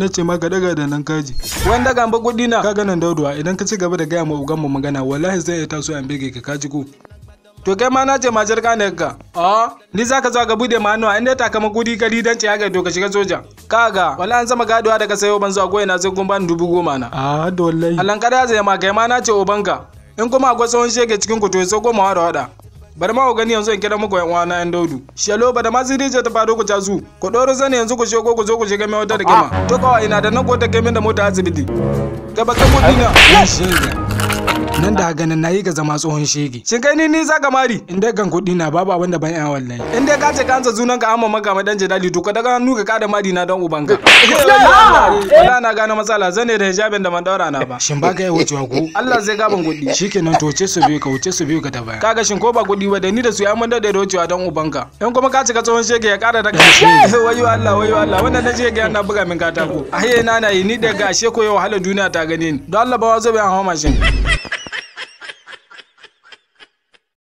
na ce ma daga da nan kaji wani daga ba kudi na kaga nan dauduwa idan ka ci gaba da gaya ma ugan mu magana wallahi zai iya taso an bege ka kaji ko to kai ma na ce ma jirga ne ka a ni za ka zo ga bude ma hannuwa inda ta kama gudi kali dan ce haka to ka shiga soja ka ga. wala an zama gaduwa daga sayo ban zuwa goyi na sai kun bani dubu goma na a dole alan kada zai ma kai ma na ce obanka in kuma akwai tsawon shege cikin ku to sai goma wada wada bari ma ku gani yanzu in kira muku yan uwana yan daudu shelo ba da ma ziri ta faru ku su ku doro zane yanzu ku shigo ku zo ku shiga mai wata da gama to kawai ina da na ta gamin da mota asibiti gaba kan mutina nan da ganin nayi ga zama tsohon shege shin kai ni ni za ka mari in dai gan kuɗi na babu abin da ban yan wallahi in dai ka ce ka ansa zunan ka amma maga madan jidali to ka daga hannu ka kada mari na don ubanka eh, eh, wala eh, ah, na gane matsala zane da hijabin da man daura na ba shin baka yi wucewa ko Allah zai gaban kuɗi shikenan to ce su biyu ka wuce su biyu ka ta baya kaga shin ko ba kuɗi ba da ni da su ya mun da da wucewa don ubanka in kuma ka ka tsohon shege ya kara da kashi wayo Allah wayo Allah wannan da shege yana buga min katako ahe na na yi ni daga gashe ko yau wahala duniya ta ganin. ni don Allah ba wa zo bai hawa mashin